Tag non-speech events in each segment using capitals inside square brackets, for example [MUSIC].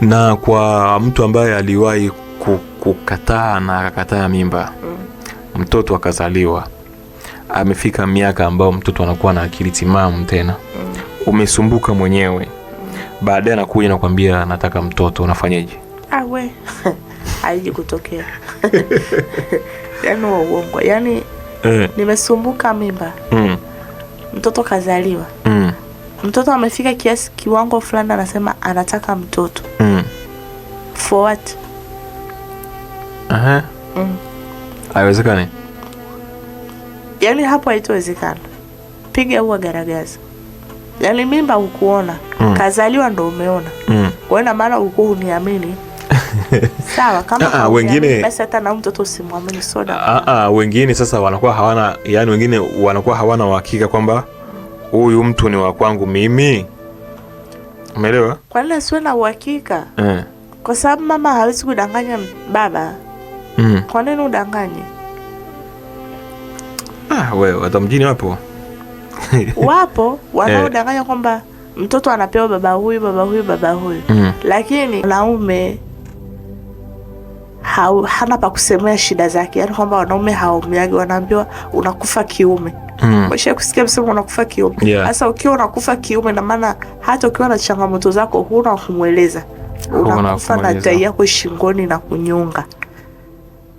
na kwa mtu ambaye aliwahi kukataa na akakataa mimba mm. mtoto akazaliwa amefika miaka ambayo mtoto anakuwa na akili timamu tena mm. umesumbuka mwenyewe mm. baadaye anakuja nakwambia nataka mtoto unafanyaje? awe [LAUGHS] aiji kutokea [LAUGHS] yani uongo yani eh. nimesumbuka mimba mm. mtoto kazaliwa mm. mtoto amefika kiasi kiwango fulani anasema anataka mtoto mm forward. Aha. Mm. Haiwezekani. Yaani hapo haitowezekana. Piga huwa garagaza. Yaani mimba ukuona mm. Kazaliwa ndo umeona. Mm. Kwa hiyo maana ulikuwa uniamini. [LAUGHS] Sawa, kama ah, ah wengine basi hata na mtoto usimwamini soda. Ah, ah, wengine sasa wanakuwa hawana, yani wengine wanakuwa hawana uhakika kwamba huyu mtu ni wa kwangu mimi. Umeelewa? Kwa nini asiwe na uhakika? Eh kwa sababu mama hawezi kudanganya baba mm. Kwa nini udanganye? Ah, we hata mjini wapo [LAUGHS] wapo wanaodanganya yeah, kwamba mtoto anapewa baba huyu baba huyu baba huyu mm. Lakini wanaume ha, hana pa kusemea shida zake, yani kwamba wanaume hawaumiagi, wanaambiwa unakufa kiume mm. Mesha kusikia msemo unakufa kiume sasa, yeah. Ukiwa unakufa kiume, na maana hata ukiwa na changamoto zako huna kumweleza unakufa na tai yako shingoni na kunyunga.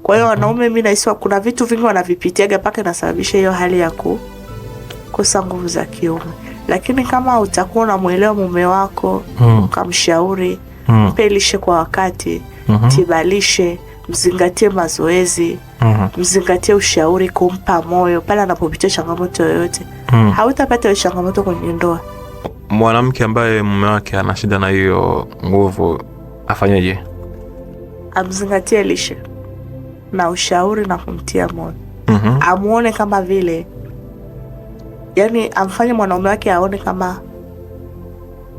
Kwa hiyo wanaume, mimi nahisi kuna vitu vingi wanavipitiaga mpaka inasababisha hiyo hali ya kukosa nguvu za kiume, lakini kama utakuwa unamwelewa mume wako mm. ukamshauri mm. mpe lishe kwa wakati mm -hmm. tibalishe mzingatie mazoezi mm -hmm. mzingatie ushauri, kumpa moyo pale anapopitia changamoto yoyote mm. hautapata hiyo changamoto kwenye ndoa mwanamke ambaye mume wake ana shida na hiyo nguvu afanyeje? Amzingatie lishe na ushauri na kumtia moyo. mm -hmm. Amuone kama vile, yani amfanye mwanaume wake aone kama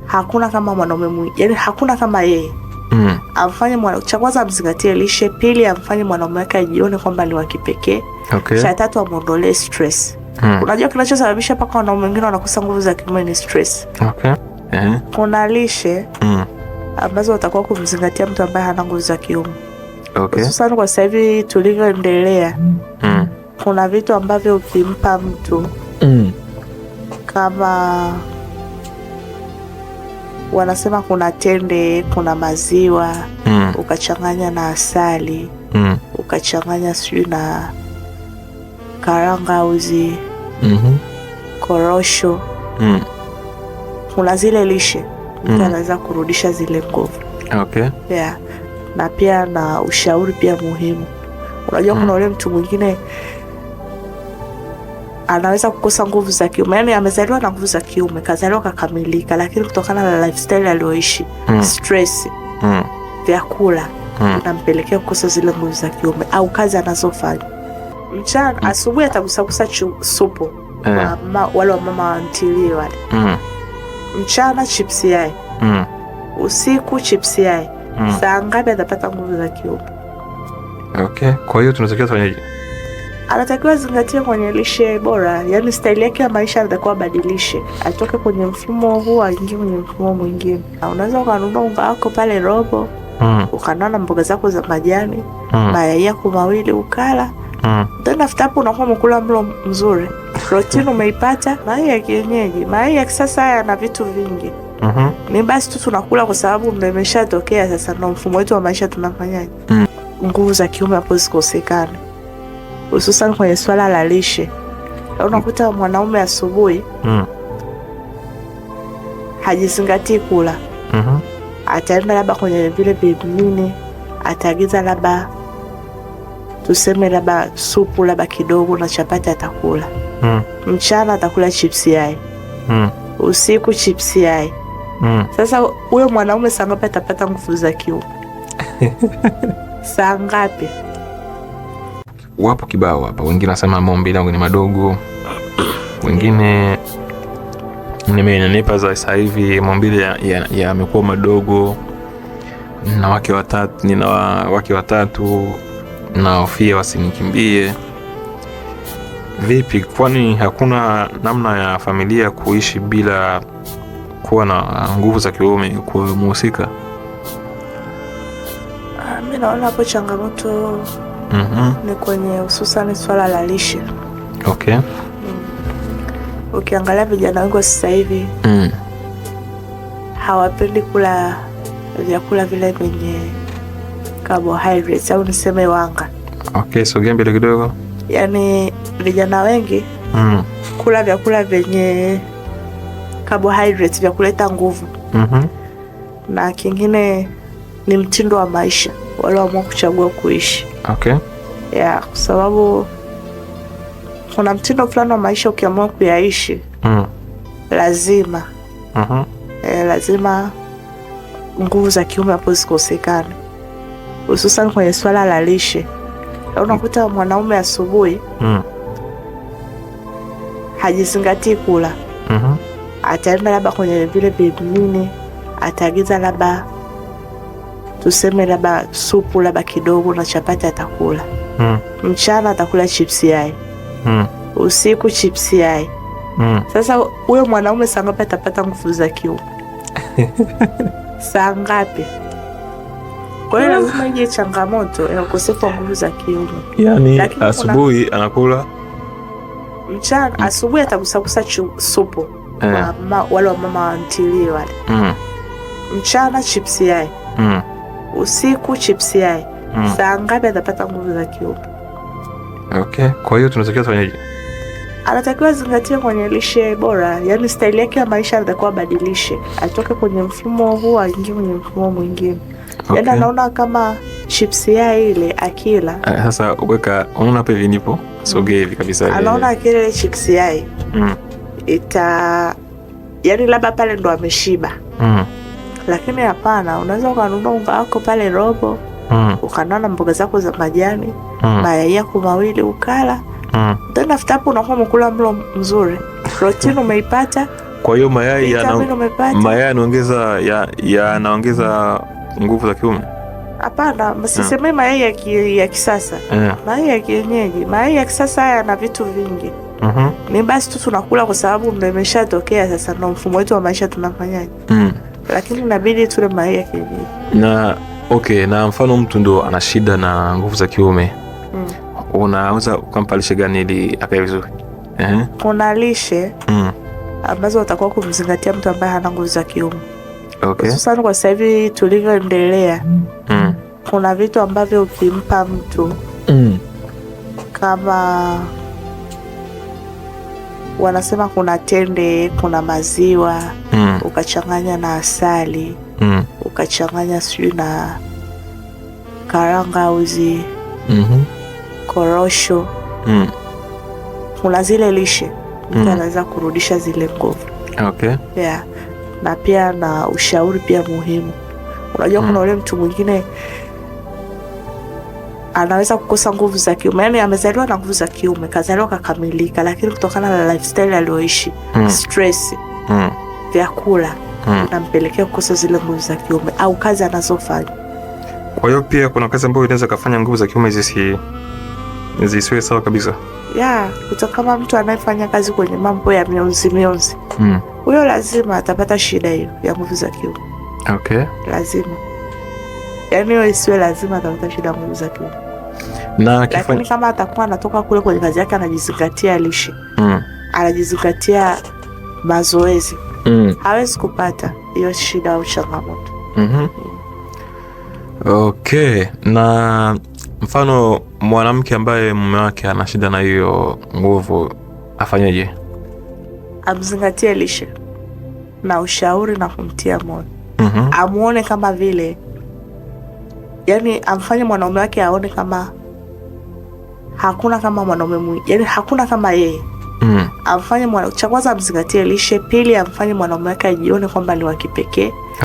hakuna kama mwanaume mwingine, yani hakuna kama yeye. mm. Amfanye cha kwanza amzingatie lishe, pili amfanye mwanaume wake ajione kwamba ni wa kipekee. okay. Cha tatu amwondolee stress Mm. Unajua kinachosababisha mpaka wanaume wengine wanakosa nguvu za kiume ni stress. Okay. Eh. Kuna lishe mm. ambazo watakuwa kumzingatia mtu ambaye hana nguvu za kiume. Okay. Hususani kwa sasa hivi tulivyoendelea mm. kuna vitu ambavyo ukimpa mtu mm. kama wanasema kuna tende, kuna maziwa mm. ukachanganya na asali mm. ukachanganya sijui na karangauzi, mm -hmm. korosho mm. Kuna zile lishe mtu mm. anaweza kurudisha zile nguvu okay. yeah. na pia na ushauri pia muhimu. Unajua mm. kuna ule mtu mwingine anaweza kukosa nguvu za kiume, yaani amezaliwa na nguvu za kiume, kazaliwa kakamilika, lakini kutokana na lifestyle aliyoishi mm. stress mm. vyakula mm. inampelekea kukosa zile nguvu za kiume au kazi anazofanya mchana, mm. asubuhi atagusagusa supu yeah. wale wamama mama wantilie wale mm. mchana chipsi yae mm. usiku chipsi yae mm. saa ngapi atapata nguvu za kiume? Okay, kwa hiyo tunatakiwa tufanyaje? Anatakiwa zingatie kwenye lishe bora, yani staili yake ya maisha anatakiwa abadilishe, atoke kwenye mfumo huu aingie kwenye mfumo mwingine. Unaweza ukanunua unga wako pale robo mm. ukanua na mboga zako za majani mm. mayai yako mawili ukala Mm. Then after hapo unakuwa umekula mlo mzuri, protini umeipata. Mayai ya kienyeji, mayai ya kisasa yana vitu vingi. Mm -hmm. Ni basi tu tunakula kwa sababu mmeshatokea sasa, na mfumo wetu wa maisha tunafanyaje? Mm. Nguvu za kiume hapo zikosekana, hususan kwenye swala la lishe. Unakuta mwanaume asubuhi mm. hajizingatii kula mm -hmm. Ataenda labda kwenye vile vimini, ataagiza labda tuseme labda supu labda kidogo na chapati atakula mm. Mchana atakula chipsi yai mm. Usiku chipsi yai mm. Sasa huyo mwanaume saa ngapi atapata nguvu za kiume? [LAUGHS] saa ngapi? Wapo kibao hapa, wengine wanasema maombi yangu ni madogo, wengine nimenanipa za sasa hivi maumbile yamekuwa ya, ya madogo na wake watatu nina wake watatu nawahofia wasinikimbie. Vipi, kwani hakuna namna ya familia kuishi bila kuwa na nguvu za kiume kwa muhusika? Ah, mi naona hapo changamoto mm -hmm. ni kwenye hususani swala la lishe. Okay. Mm. Ukiangalia vijana wengi sasa hivi mm. hawapendi kula vyakula vile vyenye carbohydrates au niseme wanga. Okay, sogea mbele kidogo. Yaani vijana wengi mm. kula vyakula vyenye carbohydrates vya kuleta nguvu mm -hmm. na kingine ni mtindo wa maisha walioamua kuchagua kuishi okay. Yeah, kwa sababu kuna mtindo fulani wa maisha ukiamua kuyaishi mm. lazima mm -hmm. eh, lazima nguvu za kiume hapo zikosekane hususan kwenye swala la lishe. Yaani unakuta mwanaume asubuhi mm. hajizingatii kula mm -hmm. ataenda labda kwenye vile vimini, ataagiza labda tuseme labda supu labda kidogo na chapati atakula mm. mchana atakula chipsi yai mm. usiku chipsi yai mm. Sasa huyo mwanaume saa ngapi atapata nguvu za kiume? [LAUGHS] saa ngapi? Kwa hiyo lazima ije changamoto ya ukosefu wa nguvu za kiume. Yaani asubuhi kuna... anakula mchana, mm. asubuhi atagusagusa supu yeah. wale wa mama wa wale mm. mchana chipsi yai mm. usiku chipsi yai mm. saa ngapi atapata nguvu za kiume? Okay, kwa hiyo tunatakiwa tufanyeje? anatakiwa zingatie kwenye lishe bora, yani staili yake ya maisha anatakiwa abadilishe, atoke kwenye mfumo huu aingie kwenye mfumo mwingine. Yaani okay. Yani anaona kama chipsi ya ile akila eh, sasa, weka unaona hapa hivi, nipo sogea hivi kabisa, anaona akila ile chipsi ya mm. ita yani labda pale ndo ameshiba mm. Lakini hapana, unaweza ukanunua unga wako pale robo mm. ukanua mboga zako za majani mm. mayai yako mawili ukala mm. Then after hapo unakuwa umekula mlo mzuri, protein umeipata. Kwa hiyo mayai yanaongeza yanaongeza ya nguvu za kiume? Hapana, msisemee mm. mayai ya, ki, ya kisasa yeah. Mayai ya kienyeji, mayai ya kisasa yana vitu vingi mm -hmm. Ni basi tu tunakula kwa sababu mmeshatokea sasa, na mfumo wetu wa maisha tunafanyaje? mm. Lakini inabidi tule mayai ya kienyeji na okay, na mfano mtu ndo ana shida na nguvu za kiume mm unaweza ukampa lishe gani ili akae vizuri? Ehe. Kuna lishe mm. ambazo utakuwa kumzingatia mtu ambaye hana nguvu za kiume okay. Hususani kwa sasa hivi tulivyoendelea mm. kuna vitu ambavyo ukimpa mtu mm. kama wanasema kuna tende, kuna maziwa mm. ukachanganya na asali mm. ukachanganya sijui na karanga uzi mm -hmm korosho mm. Kuna zile lishe mtu mm. anaweza kurudisha zile nguvu okay. Yeah. Na pia na ushauri pia muhimu, unajua mm. kuna ule mtu mwingine anaweza kukosa nguvu za kiume, yani amezaliwa na nguvu za kiume, kazaliwa kakamilika, lakini kutokana na lifestyle aliyoishi mm. stress mm. vyakula mm. nampelekea kukosa zile nguvu za kiume au kazi anazofanya. Kwa hiyo pia kuna kazi ambayo inaweza kafanya nguvu za kiume zisi zisiwe sawa kabisa ya yeah, kama mtu anayefanya kazi kwenye mambo ya mionzi mionzi hmm. huyo mm. lazima atapata shida hiyo ya nguvu za kiume. Okay. lazima yaani hiyo isiwe lazima atapata shida ya nguvu za kiume na lakini kama atakuwa anatoka kule kwenye kazi yake anajizingatia lishe mm. anajizingatia mazoezi mm. hawezi kupata hiyo shida au changamoto mm -hmm. Okay, na mfano mwanamke ambaye mume wake ana shida na hiyo nguvu afanyeje? Amzingatie lishe na ushauri na kumtia moyo. mm -hmm. Amuone kama vile, yani amfanye mwanaume wake aone kama hakuna kama mwanaume mwingine, yani hakuna kama yeye. mm. Amfanye cha kwanza amzingatie lishe, pili amfanye mwanaume wake ajione kwamba ni wa kipekee.